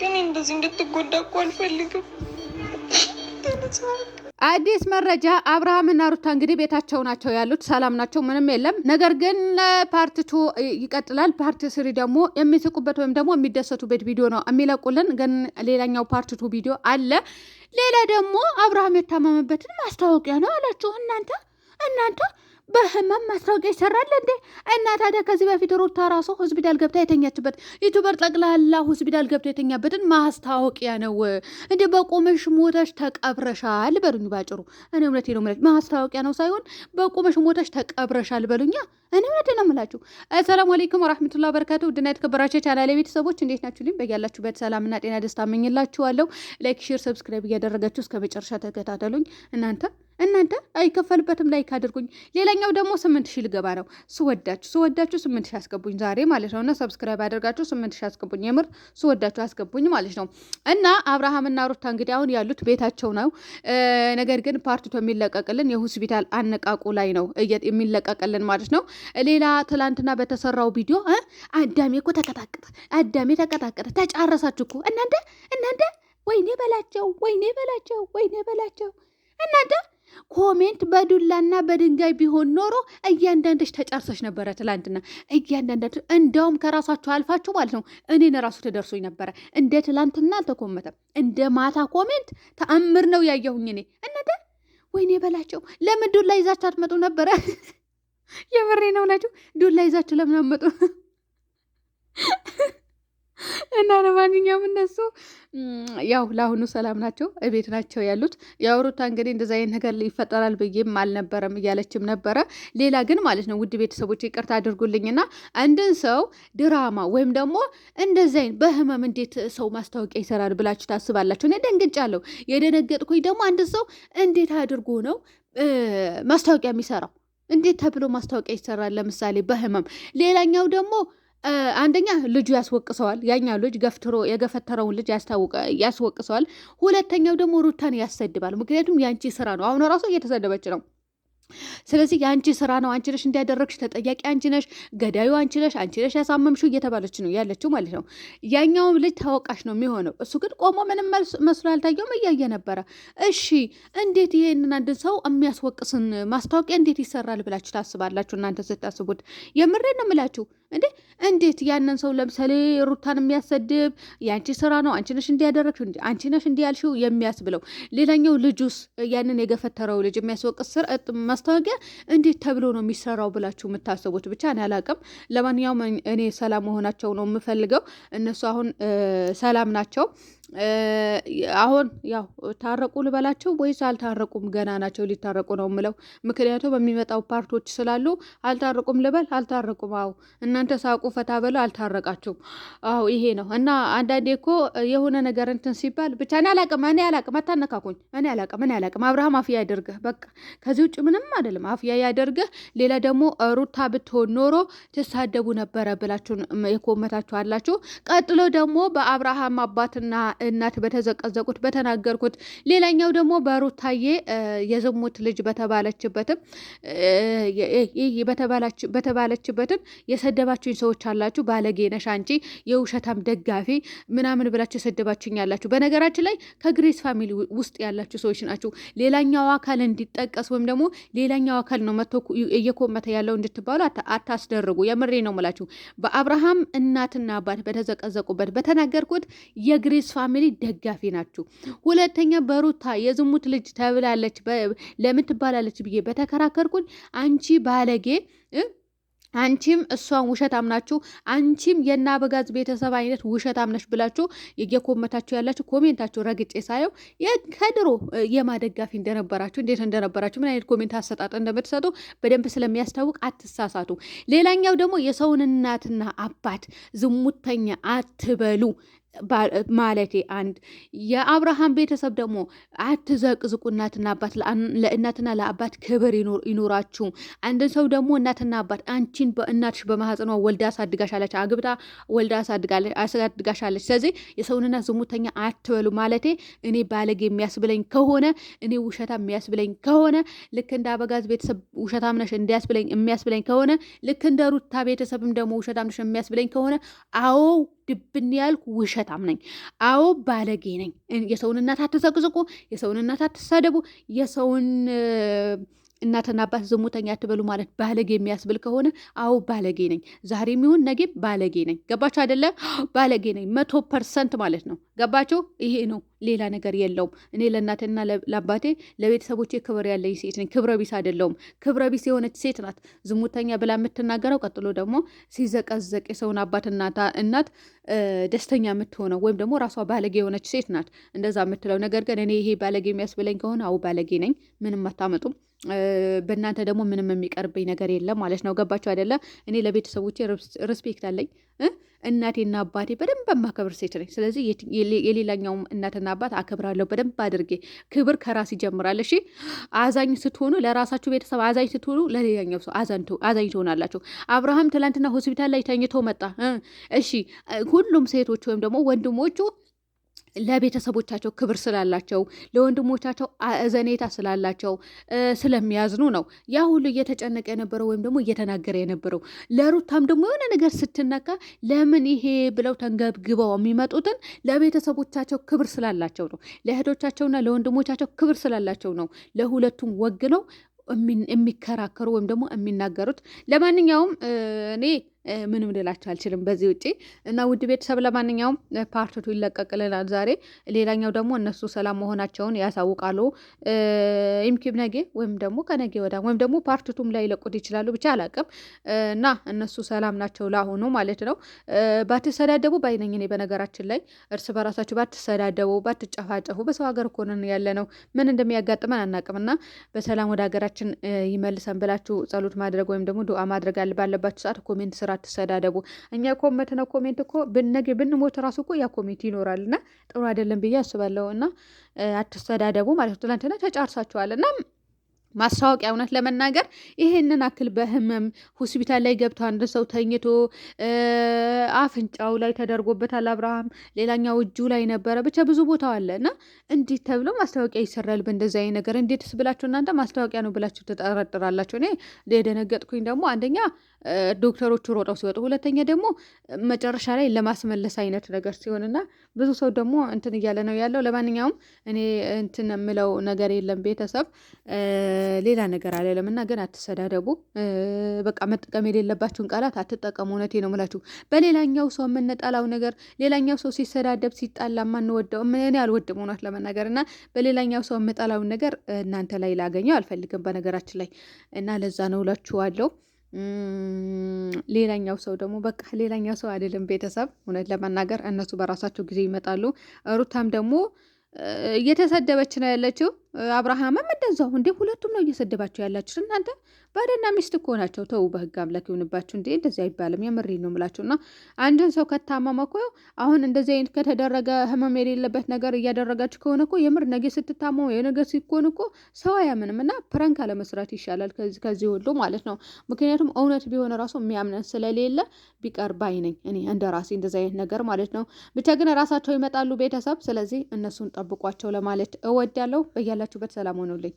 ግን እንደዚህ እንድትጎዳ እኮ አልፈልግም። አዲስ መረጃ አብርሃምና ሩታ እንግዲህ ቤታቸው ናቸው ያሉት፣ ሰላም ናቸው፣ ምንም የለም። ነገር ግን ፓርት ቱ ይቀጥላል። ፓርት ስሪ ደግሞ የሚስቁበት ወይም ደግሞ የሚደሰቱበት ቪዲዮ ነው የሚለቁልን። ግን ሌላኛው ፓርት ቱ ቪዲዮ አለ። ሌላ ደግሞ አብርሃም የታመመበትን ማስታወቂያ ነው አላችሁ እናንተ እናንተ በህመም ማስታወቂያ ይሰራል እንዴ? እና ታዲያ ከዚህ በፊት ሩታ ራሱ ሆስፒታል ገብታ የተኛችበት ዩቱበር ጠቅላላ ሆስፒታል ገብታ የተኛበትን ማስታወቂያ ነው እንዴ? በቆመሽ ሞተሽ ተቀብረሻል በሉኝ ባጭሩ። እኔ እውነቴ ነው የምላችሁ፣ ማስታወቂያ ነው ሳይሆን በቆመሽ ሞተሽ ተቀብረሻል በሉኛ። እኔ እውነቴ ነው የምላችሁ። ሰላም አለይኩም ወራህመቱላ በረካቱ። ውድና የተከበራቸው የቻናሌ ቤተሰቦች እንዴት ናችሁ? ልኝ በያላችሁበት ሰላምና ጤና ደስታ እመኝላችኋለሁ። ላይክ፣ ሼር፣ ሰብስክራይብ እያደረጋችሁ እስከ መጨረሻ ተከታተሉኝ እናንተ እናንተ አይከፈልበትም። ላይ አድርጉኝ። ሌላኛው ደግሞ ስምንት ሺ ልገባ ነው። ስወዳችሁ ስወዳችሁ ስምንት ሺ አስገቡኝ ዛሬ ማለት ነው። እና ሰብስክራይብ አድርጋችሁ ስምንት ሺ አስገቡኝ። የምር ስወዳችሁ አስገቡኝ ማለት ነው። እና አብርሃምና ሩታ እንግዲህ አሁን ያሉት ቤታቸው ነው። ነገር ግን ፓርቲቶ የሚለቀቅልን የሆስፒታል አነቃቁ ላይ ነው የሚለቀቅልን ማለት ነው። ሌላ ትላንትና በተሰራው ቪዲዮ አዳሜ እኮ ተቀጣቀጠ፣ አዳሜ ተቀጣቀጠ። ተጫረሳችሁ እኮ እናንተ እናንተ። ወይኔ በላቸው፣ ወይኔ በላቸው፣ ወይኔ በላቸው ኮሜንት በዱላና በድንጋይ ቢሆን ኖሮ እያንዳንዳች ተጨርሶች ነበረ። ትላንትና እያንዳንዳች እንደውም ከራሳችሁ አልፋችሁ ማለት ነው እኔን ራሱ ተደርሶኝ ነበረ። እንደ ትላንትና አልተኮመተም። እንደ ማታ ኮሜንት ተአምር ነው ያየሁኝ እኔ እናንተ። ወይኔ በላቸው ለምን ዱላ ይዛችሁ አትመጡ ነበረ? የምሬ ነው ናቸው። ዱላ ይዛችሁ ለምን አትመጡ? እና ለማንኛውም እነሱ ያው ለአሁኑ ሰላም ናቸው፣ እቤት ናቸው ያሉት። ያው ሩታ እንግዲህ እንደዛ አይነት ነገር ይፈጠራል ብዬም አልነበረም እያለችም ነበረ። ሌላ ግን ማለት ነው ውድ ቤተሰቦች ይቅርታ አድርጉልኝና አንድን ሰው ድራማ ወይም ደግሞ እንደዚ አይነት በህመም እንዴት ሰው ማስታወቂያ ይሰራል ብላችሁ ታስባላችሁ? እኔ ደንግጫለሁ። የደነገጥኩኝ ደግሞ አንድ ሰው እንዴት አድርጎ ነው ማስታወቂያ የሚሰራው? እንዴት ተብሎ ማስታወቂያ ይሰራል? ለምሳሌ በህመም ሌላኛው ደግሞ አንደኛ ልጁ ያስወቅሰዋል። ያኛው ልጅ ገፍትሮ የገፈተረውን ልጅ ያስወቅሰዋል። ሁለተኛው ደግሞ ሩታን ያሰድባል። ምክንያቱም የአንቺ ስራ ነው። አሁን ራሱ እየተሰደበች ነው። ስለዚህ የአንቺ ስራ ነው። አንቺ ነሽ እንዲያደረግሽ ተጠያቂ አንቺ ነሽ፣ ገዳዩ አንቺ ነሽ፣ አንቺ ነሽ ያሳመምሽው እየተባለች ነው ያለችው ማለት ነው። ያኛውም ልጅ ተወቃሽ ነው የሚሆነው። እሱ ግን ቆሞ ምንም መስሎ አልታየውም፣ እያየ ነበረ። እሺ እንዴት ይሄንን አንድ ሰው የሚያስወቅስን ማስታወቂያ እንዴት ይሰራል ብላችሁ ታስባላችሁ? እናንተ ስታስቡት የምሬን ነው የምላችሁ እንዴ እንዴት ያንን ሰው ለምሳሌ ሩታን የሚያሰድብ የአንቺ ስራ ነው፣ አንቺ ነሽ እንዲያደረግሽ፣ አንቺ ነሽ እንዲያልሽው የሚያስብለው። ሌላኛው ልጁስ ያንን የገፈተረው ልጅ የሚያስወቅስ ስር ማስታወቂያ እንዴት ተብሎ ነው የሚሰራው ብላችሁ የምታስቡት ብቻ እኔ አላቅም። ለማንኛውም እኔ ሰላም መሆናቸው ነው የምፈልገው። እነሱ አሁን ሰላም ናቸው። አሁን ያው ታረቁ ልበላቸው ወይስ አልታረቁም? ገና ናቸው፣ ሊታረቁ ነው ምለው፣ ምክንያቱም በሚመጣው ፓርቶች ስላሉ አልታረቁም ልበል? አልታረቁም። አዎ እናንተ ሳቁ፣ ፈታ በለው። አልታረቃችሁም። አዎ ይሄ ነው። እና አንዳንዴ እኮ የሆነ ነገር እንትን ሲባል ብቻ እኔ አላቅም፣ እኔ አላቅም፣ አታነካኩኝ፣ እኔ አላቅም፣ እኔ አላቅም። አብርሃም አፍያ ያደርግህ፣ በቃ ከዚህ ውጭ ምንም አይደለም። አፍያ ያደርግህ። ሌላ ደግሞ ሩታ ብትሆን ኖሮ ትሳደቡ ነበረ ብላችሁ የኮመታችሁ አላችሁ። ቀጥሎ ደግሞ በአብርሃም አባትና እናት በተዘቀዘቁት በተናገርኩት፣ ሌላኛው ደግሞ በሩታዬ የዝሙት ልጅ በተባለችበትም በተባለችበትም የሰደባችሁኝ ሰዎች አላችሁ። ባለጌነሽ አንቺ የውሸታም ደጋፊ ምናምን ብላችሁ የሰደባችሁኝ ያላችሁ፣ በነገራችን ላይ ከግሬስ ፋሚሊ ውስጥ ያላችሁ ሰዎች ናችሁ። ሌላኛው አካል እንዲጠቀስ ወይም ደግሞ ሌላኛው አካል ነው መቶ እየኮመተ ያለው እንድትባሉ አታስደርጉ። የምሬ ነው ምላችሁ። በአብርሃም እናትና አባት በተዘቀዘቁበት በተናገርኩት የግሬስ ፋሚሊ ደጋፊ ናችሁ። ሁለተኛ በሩታ የዝሙት ልጅ ተብላለች ለምን ትባላለች ብዬ በተከራከርኩኝ አንቺ ባለጌ አንቺም እሷን ውሸት አምናችሁ አንቺም የናበጋዝ ቤተሰብ አይነት ውሸት አምነሽ ብላችሁ እየኮመታችሁ ያላችሁ ኮሜንታችሁ ረግጬ ሳየው ከድሮ የማደጋፊ እንደነበራችሁ እንዴት እንደነበራችሁ ምን አይነት ኮሜንት አሰጣጥ እንደምትሰጡ በደንብ ስለሚያስታውቅ አትሳሳቱ። ሌላኛው ደግሞ የሰውን እናትና አባት ዝሙተኛ አትበሉ። ማለቴ አንድ የአብርሃም ቤተሰብ ደግሞ አትዘቅዝቁ። እናትና አባት ለእናትና ለአባት ክብር ይኖራችሁ። አንድን ሰው ደግሞ እናትና አባት አንቺን በእናትሽ በማህፀኗ ወልዳ አሳድጋሻለች፣ አግብታ ወልዳ አሳድጋሻለች። ስለዚህ የሰውንና ዝሙተኛ አትበሉ። ማለቴ እኔ ባለጌ የሚያስብለኝ ከሆነ እኔ ውሸታ የሚያስብለኝ ከሆነ ልክ እንደ አበጋዝ ቤተሰብ ውሸታ ነሽ እንዲያስብለኝ የሚያስብለኝ ከሆነ ልክ እንደ ሩታ ቤተሰብም ደግሞ ውሸታም የሚያስብለኝ ከሆነ አዎ ድብን ያልኩ ውሸታም ነኝ። አዎ ባለጌ ነኝ። የሰውን እናት አትዘቅዝቁ፣ የሰውን እናት አትሳደቡ፣ የሰውን እናትና አባት ዝሙተኛ አትበሉ ማለት ባለጌ የሚያስብል ከሆነ አዎ ባለጌ ነኝ፣ ዛሬ የሚሆን ነገ ባለጌ ነኝ። ገባችሁ አይደለም? ባለጌ ነኝ መቶ ፐርሰንት ማለት ነው። ገባችሁ? ይሄ ነው፣ ሌላ ነገር የለውም። እኔ ለእናቴና ለአባቴ ለቤተሰቦቼ ክብር ያለኝ ሴት ነኝ። ክብረ ቢስ አይደለውም። ክብረ ቢስ የሆነች ሴት ናት ዝሙተኛ ብላ የምትናገረው። ቀጥሎ ደግሞ ሲዘቀዘቅ የሰውን አባትና እናት ደስተኛ የምትሆነው ወይም ደግሞ ራሷ ባለጌ የሆነች ሴት ናት እንደዛ የምትለው ነገር ግን እኔ ይሄ ባለጌ የሚያስብለኝ ከሆነ አዎ ባለጌ ነኝ። ምንም አታመጡም። በእናንተ ደግሞ ምንም የሚቀርብኝ ነገር የለም ማለት ነው። ገባችሁ አይደለም? እኔ ለቤተሰቦቼ ሪስፔክት አለኝ። እናቴና አባቴ በደንብ የማከብር ሴት ነኝ። ስለዚህ የሌላኛውም እናትና አባት አከብራለሁ በደንብ አድርጌ። ክብር ከራስ ይጀምራል። እሺ አዛኝ ስትሆኑ ለራሳችሁ ቤተሰብ አዛኝ ስትሆኑ ለሌላኛው ሰው አዛኝ ትሆናላችሁ። አብርሃም ትላንትና ሆስፒታል ላይ ተኝቶ መጣ። እሺ ሁሉም ሴቶች ወይም ደግሞ ወንድሞቹ ለቤተሰቦቻቸው ክብር ስላላቸው፣ ለወንድሞቻቸው አዘኔታ ስላላቸው ስለሚያዝኑ ነው ያ ሁሉ እየተጨነቀ የነበረው ወይም ደግሞ እየተናገረ የነበረው። ለሩታም ደግሞ የሆነ ነገር ስትነካ ለምን ይሄ ብለው ተንገብግበው የሚመጡትን ለቤተሰቦቻቸው ክብር ስላላቸው ነው። ለእህቶቻቸውና ለወንድሞቻቸው ክብር ስላላቸው ነው። ለሁለቱም ወግ ነው የሚከራከሩ ወይም ደግሞ የሚናገሩት። ለማንኛውም እኔ ምንም ልላችሁ አልችልም በዚህ ውጪ እና ውድ ቤተሰብ ለማንኛውም ፓርትቱ ይለቀቅልናል ዛሬ። ሌላኛው ደግሞ እነሱ ሰላም መሆናቸውን ያሳውቃሉ ኢምኪብ ነገ ወይም ደግሞ ከነገ ወዳ ወይም ደግሞ ፓርትቱም ላይ ይለቁት ይችላሉ። ብቻ አላቅም እና እነሱ ሰላም ናቸው ላሁኑ ማለት ነው። ባትሰዳደቡ ባይነኝ እኔ በነገራችን ላይ እርስ በራሳችሁ ባትሰዳደቡ፣ ባትጨፋጨፉ በሰው ሀገር እኮ ነን ያለ ነው። ምን እንደሚያጋጥመን አናቅም እና በሰላም ወደ ሀገራችን ይመልሰን ብላችሁ ጸሎት ማድረግ ወይም ደግሞ ዱዓ ማድረግ ባለባችሁ ሰዓት ኮሜንት ስራ አትሰዳደቡ። እኛ ኮመንት ነው ኮሜንት እኮ ብነግ ብንሞት ራሱ እኮ ያ ኮሜንት ይኖራል እና ጥሩ አይደለም ብዬ አስባለሁ። እና አትሰዳደቡ ማለት ነው። ትላንትና ተጫርሳችኋል እና ማስታወቂያ እውነት ለመናገር ይሄንን አክል በህመም ሆስፒታል ላይ ገብቶ አንድ ሰው ተኝቶ አፍንጫው ላይ ተደርጎበታል። አብርሃም ሌላኛው እጁ ላይ ነበረ። ብቻ ብዙ ቦታ አለ እና እንዴት ተብሎ ማስታወቂያ ይሰራል። በእንደዚ አይነት ነገር እንዴትስ ብላችሁ እናንተ ማስታወቂያ ነው ብላችሁ ትጠረጥራላችሁ? እኔ የደነገጥኩኝ ደግሞ አንደኛ ዶክተሮቹ ሮጠው ሲወጡ፣ ሁለተኛ ደግሞ መጨረሻ ላይ ለማስመለስ አይነት ነገር ሲሆንና ብዙ ሰው ደግሞ እንትን እያለ ነው ያለው። ለማንኛውም እኔ እንትን የምለው ነገር የለም ቤተሰብ ሌላ ነገር አለለም እና ግን አትሰዳደቡ። በቃ መጠቀም የሌለባችሁን ቃላት አትጠቀሙ። እውነቴ ነው ምላችሁ። በሌላኛው ሰው የምንጠላው ነገር ሌላኛው ሰው ሲሰዳደብ ሲጣላ ማንወደው እኔ አልወድም እውነት ለመናገር እና በሌላኛው ሰው የምጠላውን ነገር እናንተ ላይ ላገኘው አልፈልግም በነገራችን ላይ እና ለዛ ነው እላችኋለሁ። ሌላኛው ሰው ደግሞ በቃ ሌላኛው ሰው አይደለም ቤተሰብ። እውነት ለመናገር እነሱ በራሳቸው ጊዜ ይመጣሉ። ሩታም ደግሞ እየተሰደበች ነው ያለችው። አብርሃምም እንደዛው እንዴ፣ ሁለቱም ነው እየሰደባቸው ያላችሁ እናንተ ባልና ሚስት እኮ ናቸው። ተው በህግ አምላክ ይሆንባቸው እንዴ! እንደዚህ አይባልም። የምሬ ነው የምላቸው እና አንድን ሰው ከታመመ እኮ አሁን እንደዚህ አይነት ከተደረገ ህመም የሌለበት ነገር እያደረጋችሁ ከሆነ እኮ የምር ነገ ስትታመሙ የነገ ሲኮን እኮ ሰው አያምንም። እና ፕራንክ አለመስራት ይሻላል ከዚህ ሁሉ ማለት ነው። ምክንያቱም እውነት ቢሆን ራሱ የሚያምነን ስለሌለ ቢቀር ባይ ነኝ እኔ እንደ ራሴ እንደዚህ አይነት ነገር ማለት ነው። ብቻ ግን ራሳቸው ይመጣሉ ቤተሰብ። ስለዚህ እነሱን ጠብቋቸው ለማለት እወዳለሁ። በያላችሁበት ሰላም ሆኖልኝ